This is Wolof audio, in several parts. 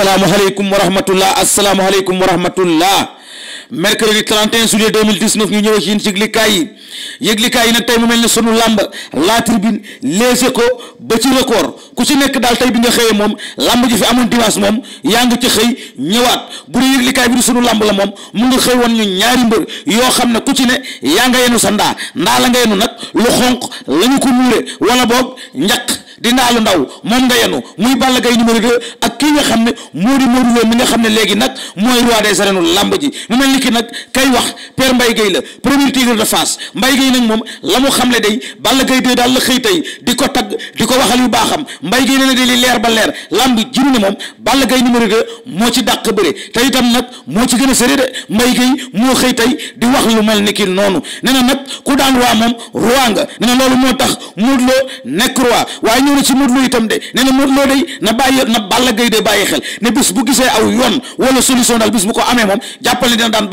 asalaamualeykum wa rahmatullah asalaamualeykum wa rahmatullah mercredi 31 juillet 2019 ñu ñëwee ci yéen ci yëglikaay yi yëglikaay yi nag tey mu mel ne sunu làmb la tribune les échos ba ci record ku ci nekk daal tey bi nga xëyee moom làmb ji fi amoon dimanche moom yaa ngi ci xëy ñëwaat bu dee yëglikaay bi du sunu làmb la moom mu ngi xëy woon ñu ñaari mbër yoo xam ne ku ci ne yaa nga yenu sa ndaa ndaa la nga yenu nag lu xonq la ko muure wala boog njaq di naalu ndaw moom nga yenu muy Balla Gaye numéro 2 ak kii nga xam ne moo di Modou Lo mi nga xam ne léegi nag mooy roi des arènes lamb ji mu mel ni ki nag kay wax père Mbaye la premier tigre de nag moom la mu xam le day Balla Gaye 2 daal la xëy tey di ko tagg di ko waxal yu baaxam Mbaye Gueye nee na de li leer ba leer lamb jiru ne moom Balla Gaye numéro 2 moo ci dàq bëre te itam nag moo ci gën a sëri de moo xëy tey di wax lu mel ni ki noonu nee na nag ku daan roi moom roi nga nee moo tax Modou Lo nekk roi waaye Lo itam de ko amee moom jàppal ne dina daan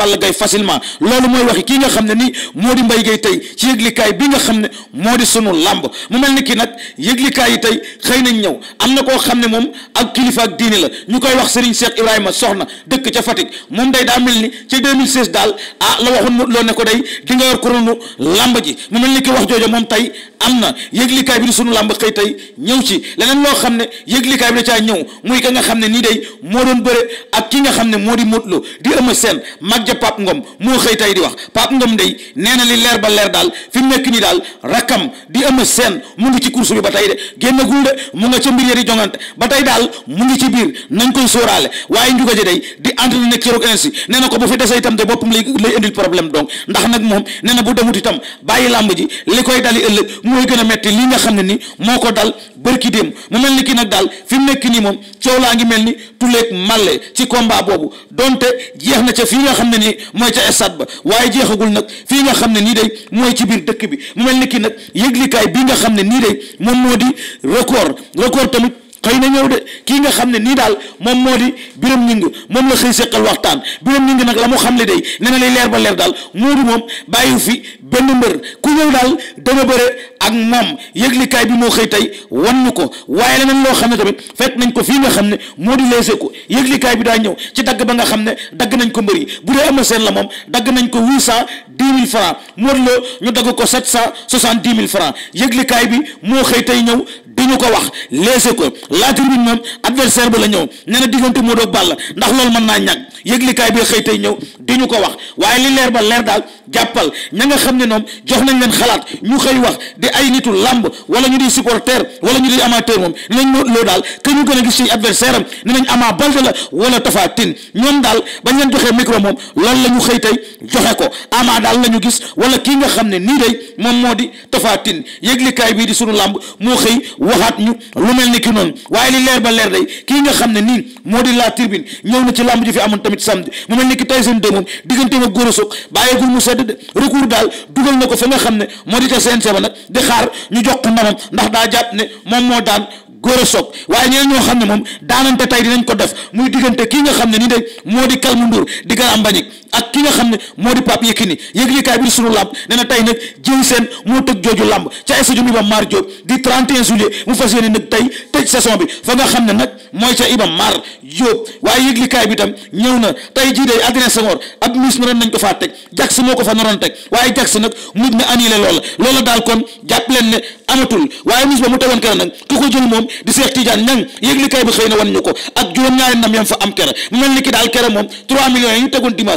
loolu mooy waxi kii nga xam ne nii moo di Mbaye Guèye tey ci yëglikaay bi nga xam ne moo di sunu làmb mu mel ni ki nag yëglikaay tey xëy nañ ñëw am na koo xam ne moom ak kilifa ak diine la ñu koy wax Serigne Cheikh Ibrahima soxna dëkk ca Fatick moom day daa mel ni ci 2016 daal ah la waxoon Modou Lo ne ko day di nga yor kurunu làmb ji mu mel ni ki wax joojo moom tey am na yëglikaay bi di sunu làmb xëy tey ñëw ci leneen loo xam ne yëglikaay bi da caa ñëw muy ka nga xam ne nii day moo doon bëre ak ki nga xam ne moo di Modou Lo di Eumeu seen mag ja Pape Ngom moo xëy tey di wax Pape Ngom day nee na li leer ba leer daal fi mu nekk nii daal rakkam di Eumeu seen mu ngi ci course bi ba tey de génnagul de mu nga ca mbir ya jongante ba tey daal mu ngi ci biir nañ koy sóoraale waaye njuga ji day di entraîné nekk ci Rock Énergie nee na ko bu fi dese itam de boppam lay lay indil problème donc ndax nag moom nee na bu demut itam bàyyi làmb ji li koy dali ëllëg mooy gën a metti li nga xam ne ni moo ko dal bërki déem mu mel ni ki nag daal fi mu nekk nii moom coow laa ngi mel ni tuleeg màlle ci combat boobu donte jeex na ca fii nga xam ne nii mooy ca stade ba waaye jeexagul nag fii nga xam ne nii day mooy ci biir dëkk bi mu mel ni ki nag yëglikaay bi nga xam ne nii day moom moo di record record tamit xëy na ñëw de kii nga xam ne nii daal moom moo di biram ñing moom la xëy seqal waxtaan biram ñing nag la mu xam ne day nee na leer ba leer daal moo di moom bàyyiwu fi benn mbër ku ñëw daal dana bëre ak moom yëglikaay bi moo xëy tey wan ñu ko waaye leneen loo xam ne tamit nañ ko fii nga xam ne moo di leese ko yëglikaay bi daa ñëw ci dagg ba nga xam ne dagg nañ ko mbër yi bu dee ama seen la moom dagg nañ ko huit cent dix mille francs Modou Lo ñu dagg ko sept cent soixante dix mille francs yëglikaay bi moo xëy tey ñëw di ñu ko wax léese ko la tribune moom adversaire ba la ñëw nee na diggante Modou ak Balla ndax loolu mën naa ñàkk yëglikaay bi xëy tey ñëw di ñu ko wax waaye li leer ba leer daal jàppal ña nga xam ne ñoom jox nañ leen xalaat ñu xëy wax di ay nitu làmb wala ñu di supporter wala ñu di amateur moom nañ Modou daal que ñu gën a gis ci adversaire am ne nañ Ama Baldé la wala Tapha Tine ñoom daal bañ leen joxee micro moom loolu la ñu xëy tey joxe ko Ama daal la ñu gis wala kii nga xam ne nii day moom moo di Tapha Tine yëglikaay bii di sunu làmb moo xëy waxaat ñu lu mel ni ki noonu waaye li leer ba leer day kii nga xam ne nii moo di la tribune ñëw na ci làmb ji fi amoon tamit samedi mu mel ni ki tey seen demoon diggante ma góor a soog bàyyeegul mu sedd de recours daal dugal na ko fa nga ne moo di ca CNG ba nag di xaar ñu jox ko ndamam ndax daa jàpp ne moom moo daan góor soog waaye ñeneen ñoo xam ne moom daanante tey dinañ ko def muy diggante kii nga xam ne nii de moo di kalmu ndur di garam mbañik ak ki nga xam ne moo di Pape Yékini yëglikaay bi di sunu làmb nee na tey nag jiw seen moo tëj jooju làmb ca stade Iba Mar Diop di 31 juillet mu fas yéene nag tey tëj saison bi fa nga xam ne nag mooy ca Iba Mar Diop waaye yëglikaay bi tam ñëw na tey jii day Adrien Senghor ab miis naroon nañ ko faa teg Jax moo ko fa naroon teg waaye Jax nag mujj na annulé loola loola daal kon jàpp leen ne amatul waaye miis ba mu tegoon kere nag ku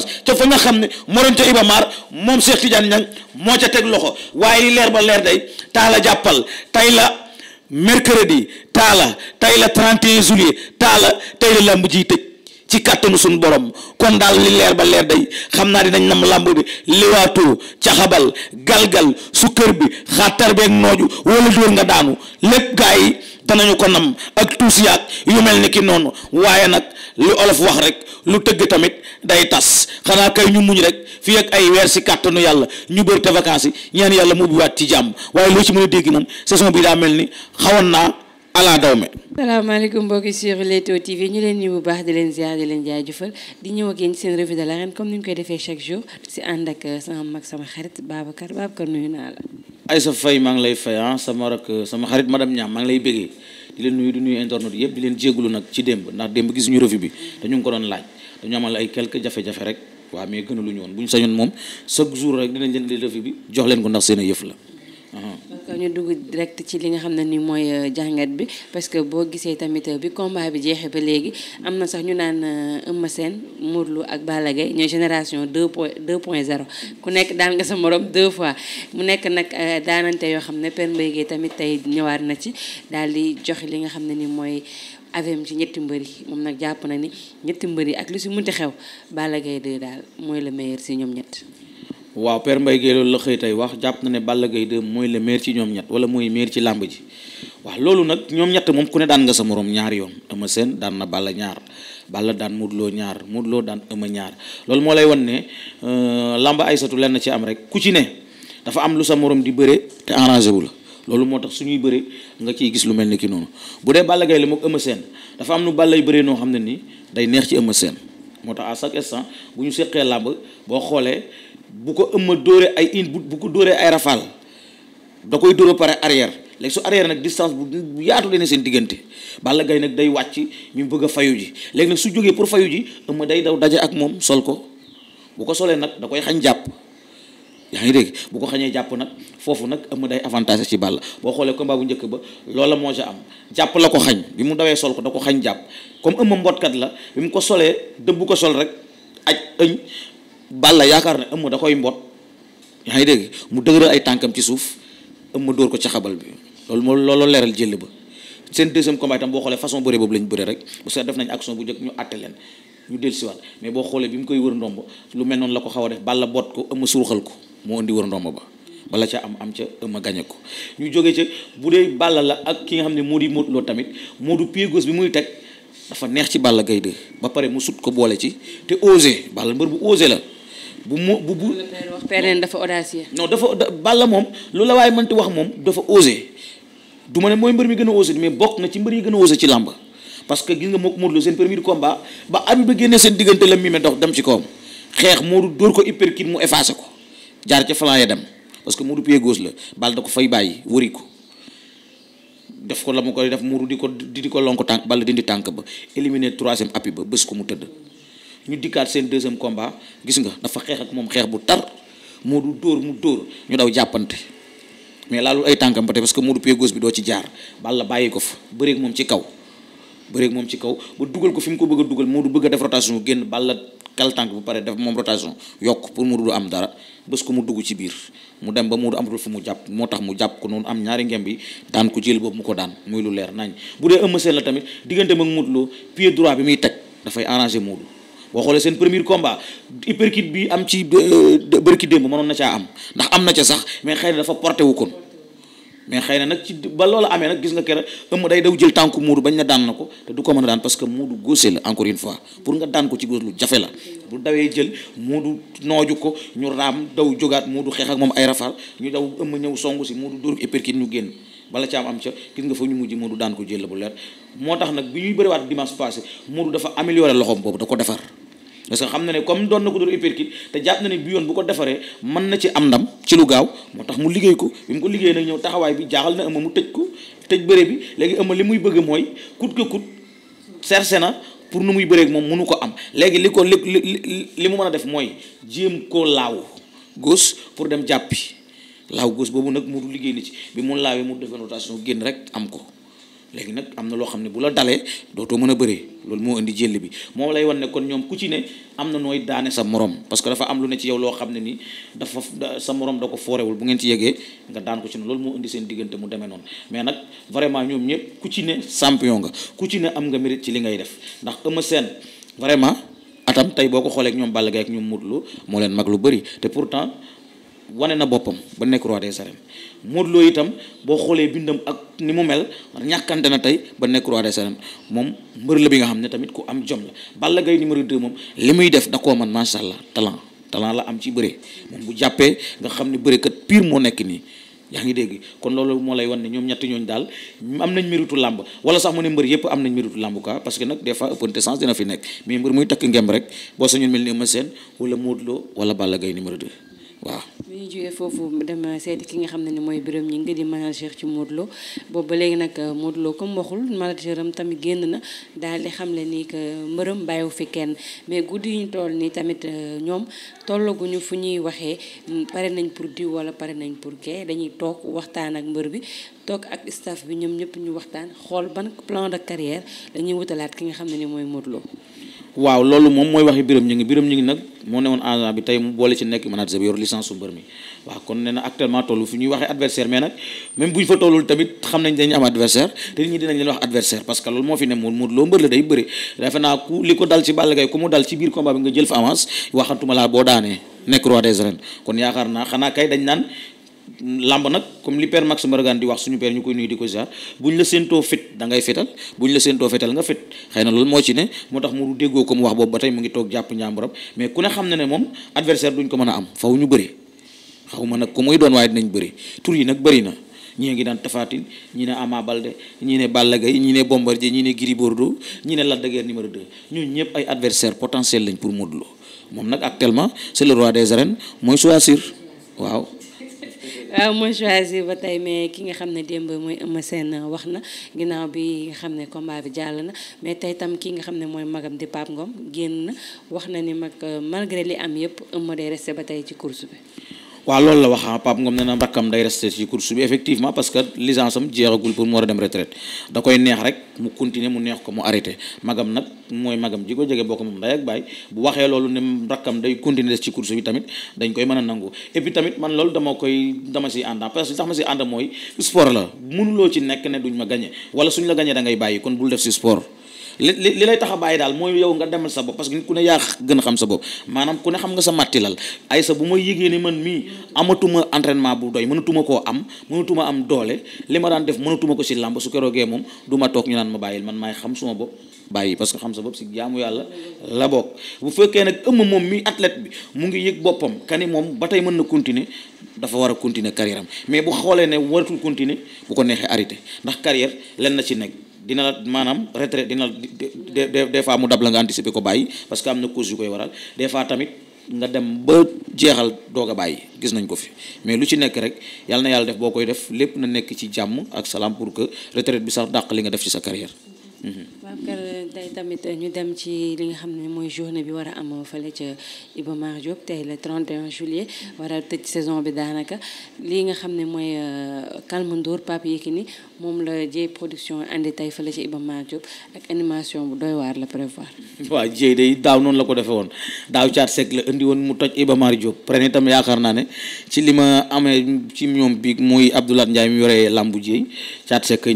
ko nga xam ne moo doon ca Iba Mar moom Cheikh Tidiane Niang moo ca teg loxo waaye li leer ba leer day taala jàppal tey la mercredi taala tey la 31 juillet taala tey la làmb ji tëj ci kàttanu suñu borom kon daal li leer ba leer day xam naa dinañ nam làmb bi liwaatoo caxabal galgal sukkër bi xattar beeg nooju wala dóor nga daanu lépp gaa yi danañu ko nam ak tuusi yu mel ni ki noonu waaye nag lu olof wax rek lu tëgg tamit day tas xanaa kay ñu muñ rek fii ak ay weer si kàttanu yàlla ñu bër te ñaan yàlla mu waat ci jàmm waaye loo ci mën déggi dégg moom saison bi daa mel ni xawoon naa ala dawme salaamaaleykum mbokki sur Leewtoo TV ñu leen ñu bu baax di leen ziar di leen jaajëfal di ñëw ak yéen seen revue de l'arène comme ni ñu koy defee chaque jour si ànd ak uh, sama mag sama xarit Babacar Babacar nuyu naa la Aïssa Faye maa ngi lay fay ah, sama rak sama xarit madame Niang maa ngi lay bëggee di leen nuyu di nuyu internet yëpp di leen jégalu nag ci démb ndax démb gisuñu revue bi te ñu ko doon laaj dañu amal ay quelques jafe-jafe rek waaw mais gënaluñu woon bu ñu sañoon moom chaque jour rek dinañ leen di revue bi jox leen ko ndax seen yëf la ñu dugg direct ci li nga xam ne ni mooy euh, jàngat bi parce que boo gisee tamit euh, bi combat bi jeexee ba léegi am sax ñu naan euh, Eumeu Sène Modou ak Balla Gaye ñooy génération deux point deux point zéro ku nekk daan nga sa morom deux fois mu nekk nag daanante yoo xam ne Père tamit tey ñëwaat na ci daal di joxe li nga xam ne ni mooy avem ci ñetti mbër yi moom nag jàpp na ni ñetti mbër yi ak lu si munti xew Balla Gaye daal mooy le meilleur si ñoom ñett waaw Père Mbaye Gueye loolu la xëy tey wax jàpp na ne Balla gay 2 mooy le maire ci ñoom ñett wala mooy maire ci làmb ji waaw loolu nag ñoom ñett moom ku ne daan nga sa moroom ñaar yoon Eumeu seen daan na Balla ñaar Balla daan Modou Lo ñaar Modou Lo daan ama ñaar loolu moo lay wan ne euh, làmb ay satu lenn ci am rek ku ci ne dafa am lu sa moroom di bëre te arrangé wu la loolu moo tax su ñuy bëre nga ciy gis lu mel ni ki noonu bu dee Balla gay la moog Eumeu seen dafa am nu bàllay bëree noo xam ne ni day neex ci Eumeu Sène moo tax à ñu seqee làmb boo xoolee bu ko ëmma dóoree ay in bu ko dóoree ay rafal da koy dóor pare arrière léegi su arrière nag distance bu yaatu leen seen diggante Balla Gaye nag day wàcc mu bëgg fayu ji léegi nag su jógee pour fayu ji ëmma day daw daje ak moom sol ko bu ko solee nag da koy xañ jàpp yaa ngi dégg bu ko xañee jàpp nag foofu nag ëmma day avantage ci Balla boo xoolee combat bu njëkk ba loola moo ca am jàpp la ko xañ bi mu dawee sol ko da ko xañ jàpp comme ëmma mbotkat la bi mu ko solee dëbb ko sol rek aj Balla yaakaar ne ëmm da koy mboot yaa ngi dégg mu dëgëral ay tànkam ci suuf ëmm dóor ko ca xabal bi loolu moo loolu leeral jël ba seen deuxième combat itam boo xoolee façon bëree boobu lañ bëree rek parce que def nañ action bu njëkk ñu leen ñu dellusiwaat mais boo xoolee bi mu koy wër ndomb lu mel noonu la ko xaw a def Balla bot ko ëmm ko moo indi wër ndomb ba bala ca am am ca ëmma gañe ko ñu jógee ca bu dee Balla la ak ki nga xam ne moo di Modou Lo tamit Modou pied gauche bi muy teg dafa neex ci Balla Gaye de ba pare mu sut ko boole ci te osé Balla mbër bu osé la bu mu bu bu. PNN dafa audacieux. non dafa da Balla moom lu la waaye mënti wax moom dafa osé du ma ne mooy mbër mi gën a osé mais bokk na ci mbër yi gën a osé ci làmb parce que gis nga moo Modou Lo seen premier combat ba at bi génnee seen diggante la mii dox dem ci kawam xeex Modou dóor ko uppercut mu effacé ko jaar ca flanc dem parce que Modou pied gauche la Balla da ko fay bàyyi wëri ko. def ko la mu koy def muuru di ko di ko lonk tànk bala dindi tànk ba éliminer troisième appui ba bés ko mu tëdd ñu dikkaat seen deuxième combat gis nga dafa xeex ak moom xeex bu tar Modou dóor mu dóor ñu daw jàppante mais laalul ay tànkam ba tey parce que Modou pied gauche bi doo ci jaar Balla bàyyi ko fa bëreeg moom ci kaw bëreeg moom ci kaw ba dugal ko fi mu ko bëgg dugal moo Modou bëgg def rotation génn Balla kal tànk bu pare def moom rotation yokk pour Modou du am dara bés ko mu dugg ci biir mu dem ba Modou amatul fu mu jàpp moo tax mu jàpp ko noonu am ñaari ngem bi daan ko jël boobu mu ko daan muy lu leer nañ bu dee tamit diggante mag Modou Lo bi muy teg dafay arrangé boo xoolee seen premier combat uppercut bi am ci bër euh, bërki démb mënoon na caa am ndax am na ca sax mais xëy na dafa porté wu kon mais xëy na nag ci ba loolu amee nag gis nga kere ëmm day daw jël tànku muudu bañ na daan na ko te du ko mën daan parce que muudu góose la encore fois pour nga daan ci góos lu jafe la bu dawee jël muudu nooju ko ñu raam daw jógaat muudu xeex ak moom ay rafal ñu daw ëmm ñëw songu si muudu dóor uppercut ñu génn bala ca am am ca gis nga fa ñu mujj muudu daan ko jël la bu leer moo tax nag bi ñuy bëriwaat dimanche passé muudu dafa amélioré loxoom boobu da ko defar parce que xam na ne comme doon na ko dóor uppercut te jàpp na ne bi yoon bu ko defaree mën na ci am ndam ci lu gaaw moo tax mu liggéey ko bi mu ko liggéey nag ñëw taxawaay bi jaaxal na ëmma mu tëj ko tëj bëre bi léegi ëmma li muy bëgg mooy kut ko kut serse na pour nu muy bëreek moom mënu ko am léegi li ko li li mu mën a def mooy jéem koo laaw goos pour dem jàppi laaw gos boobu nag mu liggéey li ci bi mu laawee mu def rotation génn rek am ko léegi nag am na loo xam ne bu la dalee dootoo mën a bëree loolu moo indi jëll bi moo lay wan ne kon ñoom ku ci ne am na nooy daane sa morom parce que dafa am lu ne ci yow loo xam ne ni dafa sa morom da ko foorewul bu ngeen ci yeggee nga daan ko ci ne loolu moo indi seen diggante mu deme noonu mais nag vraiment ñoom ñëpp ku ci ne champion nga ku ci ne am nga mérite ci li ngay def ndax Eumeu seen vraiment atam tey boo ko xoolee ñoom Balla Gaye ak ñoom Modou Lo moo leen mag lu bëri te pourtant wane na boppam ba nekk roi des arènes Modou Lo itam boo xoolee bindam ak ni mu mel ñàkkante na tey ba nekk roi des arènes moom mbër la bi nga xam ne tamit ku am jom la Balla Gaye numéro 2 moom li muy def da man macha allah talent talent la am ci bëre bu jàppee nga xam ne bëre kat pire moo nekk nii yaa ngi dégg kon loolu moo lay wan ne ñoom ñetti ñooñu daal am nañ méritu làmb wala sax mu ne mbër am nañ méritu làmb quoi parce que nag des fois ëppante sens dina fi nekk mais mbër muy takk ngemb rek boo sañoon mel ni Eumeu Sène wala Modou Lo wala Balla Gaye numéro 2 waaw dañuy jógee foofu dem seeti ki nga xam ne ni mooy Birame ñi nga di manager ci Modou Lo boobu ba léegi nag euh, Modou Lo comme waxul manageram tamit génn na daal di xam le nii que mbërëm bàyyiwu fi kenn mais guddi yu ñu toll nii tamit euh, ñoom tollaguñu fu ñuy waxee mm, pare nañ pour diw wala pare nañ pour kee dañuy toog waxtaan ak mbër bi toog ak staff bi ñoom ñëpp ñu waxtaan xool ban plan de carrière dañuy wutalaat ki nga xam ne ni mooy Modou waaw loolu moom mooy waxi biram ñu ngi biram ñu ngi nag moo newoon agent bi tey mu boole ci nekk manager bi yor licence su mbër mi waaw kon nee na actuellement tollu fi ñuy waxee adversaire mais nag même bu ñu fa tollul tamit xam nañ dañu am adversaire te nit ñi dinañ leen wax adversaire parce que loolu moo fi ne moom Modou Lo mbër la day bëri defe naa ku li ko dal ci Balla Gaye ku mu dal ci biir combat bi nga jël fa avance waxantuma laa boo daanee nekk roi des arènes kon yaakaar làmb nag comme li père Max Mbargane di wax suñu père ñu koy di ko ziar buñ la séentoo fit da ngay fital buñ la séentoo fital nga fit xëy na loolu moo ci ne moo tax mu déggoo comme wax boobu ba tey mu ngi toog jàpp njàmburam mais ku ne xam ne moom adversaire duñ ko mën a am faw ñu bëri xaw ma nag ku muy doon waaye dinañ bëri tur yi nag bëri na ñii ngi daan tafaatin ñi ne Ama Baldé ñi ne Balla ñi ne Bombardier ñi ne Gris Bordeaux ñi ne Lac de Guiers numéro 2 ñun ñëpp ay adversaire potentiel lañ pour Modou Lo moom nag actuellement c'est le roi des arènes mooy choisir waaw waaw euh, ma choisir ba tey mais ki nga xam ne démb mooy Eumeu Sène wax na ginnaaw bi nga xam ne combat bi jàll na mais tey tam ki nga xam ne mooy magam di Pape Ngom génn wax na ni mag malgré li am yëpp Eumeu day resté ba tey ci course bi. waaw loolu la wax ah Pape Ngom nee na rakkam day resté ci course bi effectivement parce que licence am jeexagul pour mu war a dem retraite da koy neex rek mu continuer mu neex ko mu arrêté magam nag mooy magam ji ko jege bokk moom day ak bàyyi bu waxee loolu ne rakkam day continuer des ci course bi tamit dañ koy mën a nangu et puis tamit man loolu dama koy dama si ànda parce que tax ma si ànd mooy sport la mënuloo ci nekk ne duñ ma gagné wala suñ la gagné da ngay bàyyi kon bul def si sport li li lay tax a bàyyi daal mooy yow nga demal sa bopp parce que ku ne yaa gën a xam sa bopp maanaam ku ne xam nga sa màttilal ay sa bu ma yégee ni man mii amatuma entraînement bu doy mënatuma koo am mënatuma am doole li ma daan def mënatuma ko si làmb su keroogee moom du toog ñu naan ma bàyyil man maay xam suma bopp bàyyi parce que xam sa bopp si jaamu yàlla la bokk bu fekkee nag ëmm moom mii athlète bi mu ngi yëg boppam kani moom ba tey mën na continuer dafa war a continuer carrière mais bu xoolee ne waratul continuer bu ko neexee arrêté ndax carrière len na ci nekk dina la maanaam retrait dina la des fois mu dab la nga anticiper ko bàyyi parce que am na cause yu koy waral des fois tamit nga dem ba jeexal doog bàyyi gis nañ ko fi mais lu ci nekk rek yàlla na yàlla def boo koy def lépp na nekk ci jàmm ak salaam pour que retraite bi sax dàq li nga def ci sa carrière Babacar mm-hmm. tey tamit ñu dem ci li nga xam ne mooy journée bi war a am fële ca Iba Mar Diop tey le 31 juillet war a tëj saison bi daanaka lii nga xam ne mooy Calme euh, Ndour Pape Yekini moom la Dieye production andi tey fële ca Iba Mar Diop ak animation bu doy waar la prévoir. waaw Dieye day daaw noonu la ko defee woon daaw caat sec la indi woon mu toj Iba Mar Diop ren itam yaakaar naa ne ci li ma amee ci ñoom bi muy Abdoulaye Ndiaye mi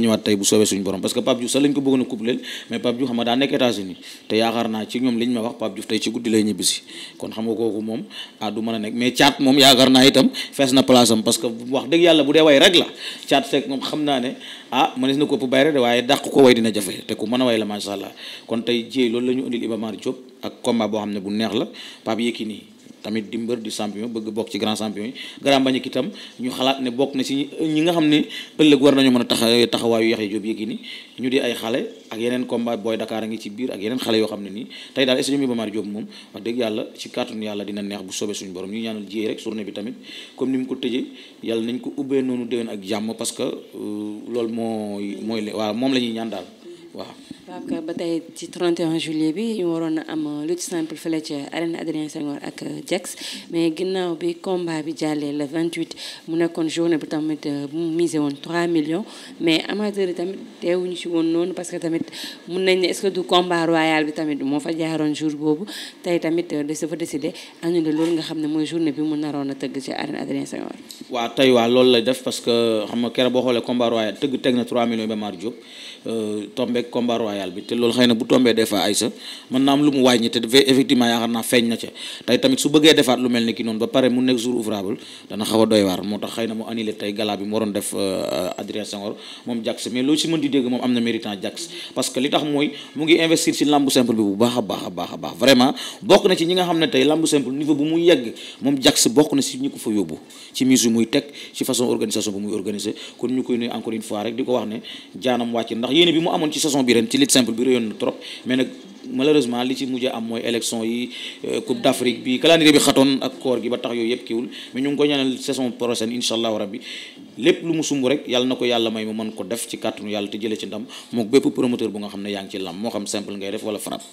yore bu soobee suñu borom parce que Pape Diouf sax lañ ko couple leen mais Pape Diouf xam nga daa nekk États-Unis te yaakaar naa ci ñoom liñ ma wax Pape Diouf tey ci guddi lay ñibbisi kon xam nga kooku moom ah du mën a nekk mais caat moom yaakaar naa itam fees na place parce que wax dëgg yàlla bu dee way rek la caat seeg xam naa ne ah mënees na ko ëpp bay rek de waaye dàq ko way dina jafe te ku mën a way la macha allah kon tey jéey loolu la ñu indil Iba Mar Diop ak combat boo xam ne bu neex la Pape tamit di mbër di champion bëgg bokk ci grand champion yi grand Mbagnick itam ñu xalaat ne bokk na si ñi nga xam ne ëllëg war nañu mën a tax taxawaayu Yaxya Jóob Yékini ñu di ay xale ak yeneen combat booy Dakar a ngi ci biir ak yeneen xale yoo xam ne nii tey daal stade Iba Mar Diop moom wax dëgg yàlla ci kàttanu yàlla dina neex bu soobee suñu borom ñu ñaanal jiyee rek journée bi tamit comme ni mu ko tëjee yàlla nañ ko ubbee noonu déwén ak jàmm parce que euh, loolu mooy mooy waaw moom la ñuy ñaan daal waaw Babacar ba tey ci 31 bi ñu waroon a am lutte simple fële ca arène Adrien Senghor ak Jax mais ginnaaw bi combat bi jàllee le 28 mu nekkoon journée bi tamit euh, bu mu misé woon 3 millions mais amateurs yi tamit teewuñu woon noonu parce que tamit mun nañ ne est-ce que du combat royal bi tamit moo fa jour boobu tey tamit euh, dafa décidé annulé loolu nga xam ne mooy journée bi mu naroon a tëgg ci arène Adrien Senghor. waaw tey waa loolu lay def parce que xam nga keroog boo xoolee combat royal tëgg teg na millions ba Mar Diop euh, combat royal. royal bi te loolu xëy na bu tombee des ay sa mën naa am lu mu wàññi te effectivement yaakaar naa feeñ na ca tey tamit su bëggee defaat lu mel ni ki noonu ba pare mu nekk jour ouvrable dana xaw a doy moo tax xëy na mu annulé tey gala bi mu waroon def euh, euh, Adrien Senghor moom Jax mais loolu si mën di dégg moom am na méritant Jax simple niveau bu muy yegg moom Jax bokk na si ñi ko fa yóbbu ci mise yu muy teg ci façon organisation bu muy organiser lutte simple bi réyoon na trop mais nag malheureusement li ci mujj am mooy élection yi euh, coupe d'Afrique bi calendrier bi xatoon ak koor gi ba tax yooyu yëpp kiwul mais ñu ngi ko ñaanal saison prochaine incha allahu rabbi lépp lu mu sumb rek yàlla na ko yàlla may mu mën ko def ci kàttanu yàlla te jëlee ci ndam mook bépp promoteur bu nga xam ne yaa ngi ci lam moo xam simple ngay def wala frappe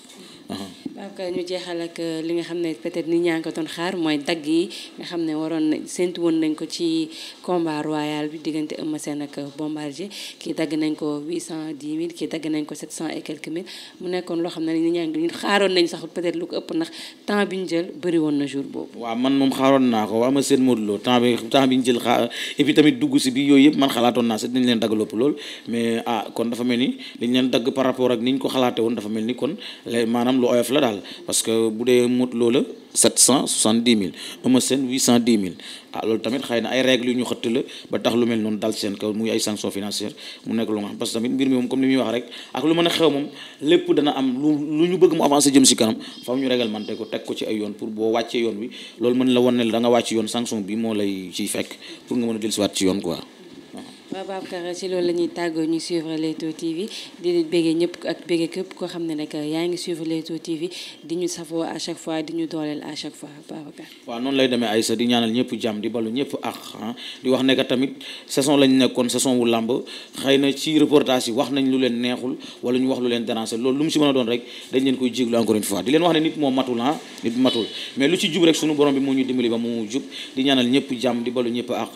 donc euh, ñu jeexal ak euh, li nga xam ne peut-être ni xaar mooy dagg yi nga xam ne waroon na séntu woon nañ ko ci combat royal bi diggante Eumeu Sène ak Bombardier kii dagg nañ ko 810 mille kii dagg nañ ko 700 et quelques mille mu nekkoon loo xam ne ni ñaa ngi xaaroon nañ sax peut ëpp ndax temps bi ñu jël bëri woon na jour boobu. waaw man moom xaaroon naa ko waaw ma seen Modou Lo temps bi temps bi yooyu yëpp man xalaatoon naa sax dinañ leen dagg lopp lool mais ah kon dafa mel ni dañ leen dagg par rapport ak ni ñu ko xalaate woon dafa mel ni kon maanaam lu oyof la total parce que bu dee mot loola sept cent soixante dix mille Eumeu Sène huit cent dix mille ah loolu tamit xëy na ay règles yu ñu xëtt la ba tax lu mel noonu dal seen kaw muy ay sanctions financières mu nekk lu nga xam parce que tamit mbir mi moom comme li muy wax rek ak lu mën a xew moom lépp dana am lu ñu bëgg mu avancer jëm si kanam faaw ñu réglementé ko teg ko ci ay yoon pour boo wàccee yoon wi loolu mën la wan ne la da wàcc yoon sanction bi moo lay Babacar ci loolu la tàggoo ñu suivre Leewtoo TV koo xam ne nag yaa ngi suivre Leewtoo TV di ñu safoo à chaque fois di ñu dooleel à chaque fois Babacar. noonu lay demee Aïssa di ñaanal ñëpp jàmm di balu ñëpp ak ah, di wax ne tamit saison lañ nekkoon saison wu làmb xëy na ci reportage yi wax nañ lu ñu wax lu leen déranger loolu lu mu si mën a doon rek dañ leen ah, mais ñu dimbali ba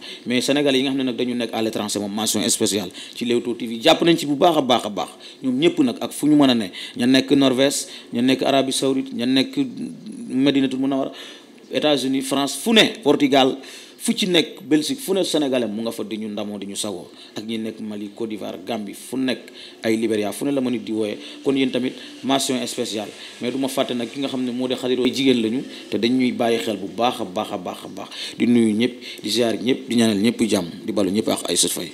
Sénégal yi nga xam ne nag dañu nekk à l'étranger moom mention spéciale ci Leewtoo TV jàpp nañ ci bu baax a baax a baax ñoom ñëpp nag ak fu ñu mën a ne ña nekk Norvège ña nekk Arabie Saoudite ña nekk Medinatul Munawwara États-Unis France fu ne Portugal fu ci nekk Belgique fu ne sénégalais mu nga fa di ñu ndamoo di ñu sagoo ak ñi nekk Mali Côte d'Ivoire Gambie fu nekk ay Libéria fu ne la ma nit di wooyee kon yéen tamit mention spéciale mais du ma fàtte nag ki nga xam ne moo di xarit jigéen lañu te dañuy bàyyi xel bu baax a baax a baax a baax di nuyu ñëpp di ziar ñëpp di ñaanal ñëpp jàmm di balo ñëpp ak ay sut fay.